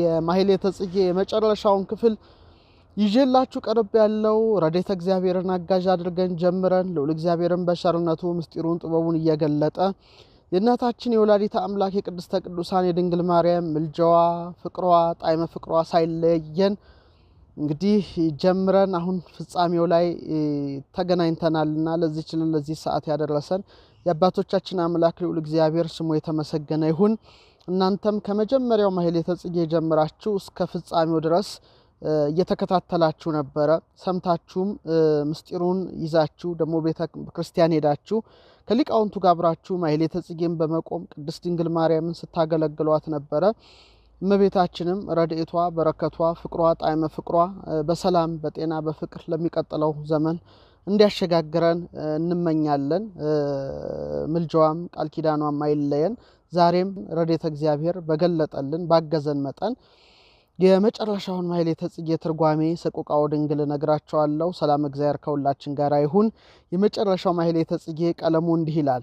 የማህሌተ ጽጌ የመጨረሻውን ክፍል ይዤላችሁ ቀርብ ያለው ረዴተ እግዚአብሔርን አጋዥ አድርገን ጀምረን ልዑል እግዚአብሔርን በሸርነቱ ምስጢሩን ጥበቡን እየገለጠ የእናታችን የወላዲተ አምላክ የቅድስተ ቅዱሳን የድንግል ማርያም ምልጃዋ፣ ፍቅሯ፣ ጣይመ ፍቅሯ ሳይለየን እንግዲህ ጀምረን አሁን ፍጻሜው ላይ ተገናኝተናልና ለዚህ ችልን ለዚህ ሰዓት ያደረሰን የአባቶቻችን አምላክ ልዑል እግዚአብሔር ስሙ የተመሰገነ ይሁን። እናንተም ከመጀመሪያው ማህሌተ ጽጌ ጀምራችሁ እስከ ፍጻሜው ድረስ እየተከታተላችሁ ነበረ። ሰምታችሁም ምስጢሩን ይዛችሁ ደግሞ ቤተ ክርስቲያን ሄዳችሁ ከሊቃውንቱ ጋር አብራችሁ ማህሌተ ጽጌን በመቆም ቅድስት ድንግል ማርያምን ስታገለግሏት ነበረ። እመቤታችንም ረድኤቷ፣ በረከቷ፣ ፍቅሯ፣ ጣዕመ ፍቅሯ በሰላም በጤና በፍቅር ለሚቀጥለው ዘመን እንዲያሸጋግረን እንመኛለን። ምልጃዋም ቃል ኪዳኗም አይለየን። ዛሬም ረድኤተ እግዚአብሔር በገለጠልን ባገዘን መጠን የመጨረሻውን ማሕሌተ ጽጌ ትርጓሜ ሰቆቃወ ድንግል እነግራቸዋለሁ። ሰላም እግዚአብሔር ከሁላችን ጋር ይሁን። የመጨረሻው ማሕሌተ ጽጌ ቀለሙ እንዲህ ይላል።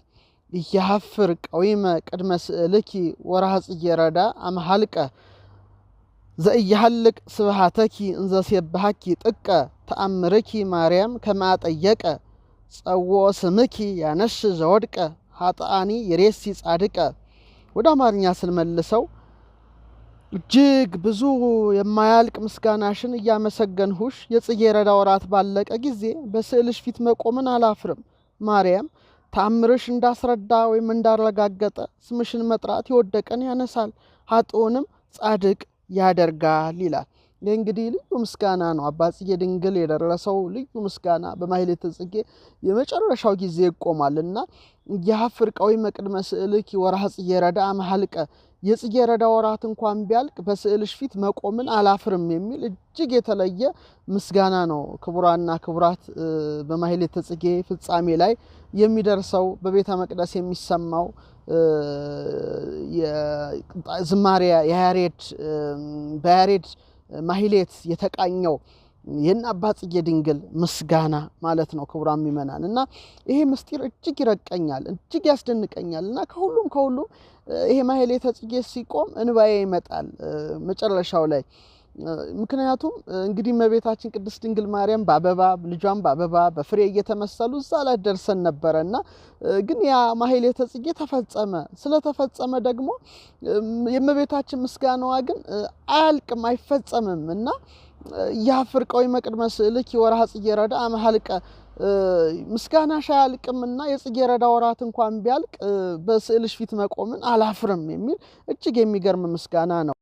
እያሀፍር ቀዊመ ቅድመ ስእልኪ ወርሃ ጽጌ ረዳ አመሀልቀ ዘእያሀልቅ ስብሃተኪ እንዘ ጥቀ ተአምርኪ ማርያም ከማጠየቀ ጸዎ ስምኪ ያነሽ ዘወድቀ ሀጥአኒ ይሬሲ ጻድቀ ወደ አማርኛ ስንመልሰው እጅግ ብዙ የማያልቅ ምስጋናሽን እያመሰገንሁሽ ረዳ ወራት ባለቀ ጊዜ በስዕልሽ ፊት መቆምን አላፍርም። ማርያም ታምርሽ እንዳስረዳ ወይም እንዳረጋገጠ ስምሽን መጥራት የወደቀን ያነሳል፣ ሀጥኡንም ጻድቅ ያደርጋል ይላል። ይህ እንግዲህ ልዩ ምስጋና ነው። አባ ድንግል የደረሰው ልዩ ምስጋና በማሕሌተ ጽጌ የመጨረሻው ጊዜ ይቆማል ይቆማልና የሀፍርቃዊ መቅድመ ስዕልክ ወርሃ ጽጌ ረዳ መሀልቀ የጽጌ ረዳ ወራት እንኳን ቢያልቅ በስዕልሽ ፊት መቆምን አላፍርም የሚል እጅግ የተለየ ምስጋና ነው። ክቡራና ክቡራት በማሕሌተ ጽጌ ፍጻሜ ላይ የሚደርሰው በቤተ መቅደስ የሚሰማው ዝማሪያ የያሬድ በያሬድ ማህሌት የተቃኘው ይህን አባጽጌ ድንግል ምስጋና ማለት ነው። ክቡራን ምእመናን እና ይሄ ምስጢር እጅግ ይረቀኛል፣ እጅግ ያስደንቀኛል እና ከሁሉም ከሁሉም ይሄ ማህሌተ ጽጌ ሲቆም እንባዬ ይመጣል መጨረሻው ላይ ምክንያቱም እንግዲህ መቤታችን ቅድስት ድንግል ማርያም በአበባ ልጇን በአበባ በፍሬ እየተመሰሉ እዛ ላይ ደርሰን ነበረ እና ግን ያ ማሕሌተ ጽጌ ተፈጸመ። ስለተፈጸመ ደግሞ የመቤታችን ምስጋናዋ ግን አያልቅም፣ አይፈጸምም እና ያ ያፍርቀዊ መቅድመ ስዕልክ የወርሃ ጽጌረዳ አመሀልቀ ምስጋናሽ አያልቅምና የጽጌረዳ ወራት እንኳን ቢያልቅ በስዕልሽ ፊት መቆምን አላፍርም የሚል እጅግ የሚገርም ምስጋና ነው።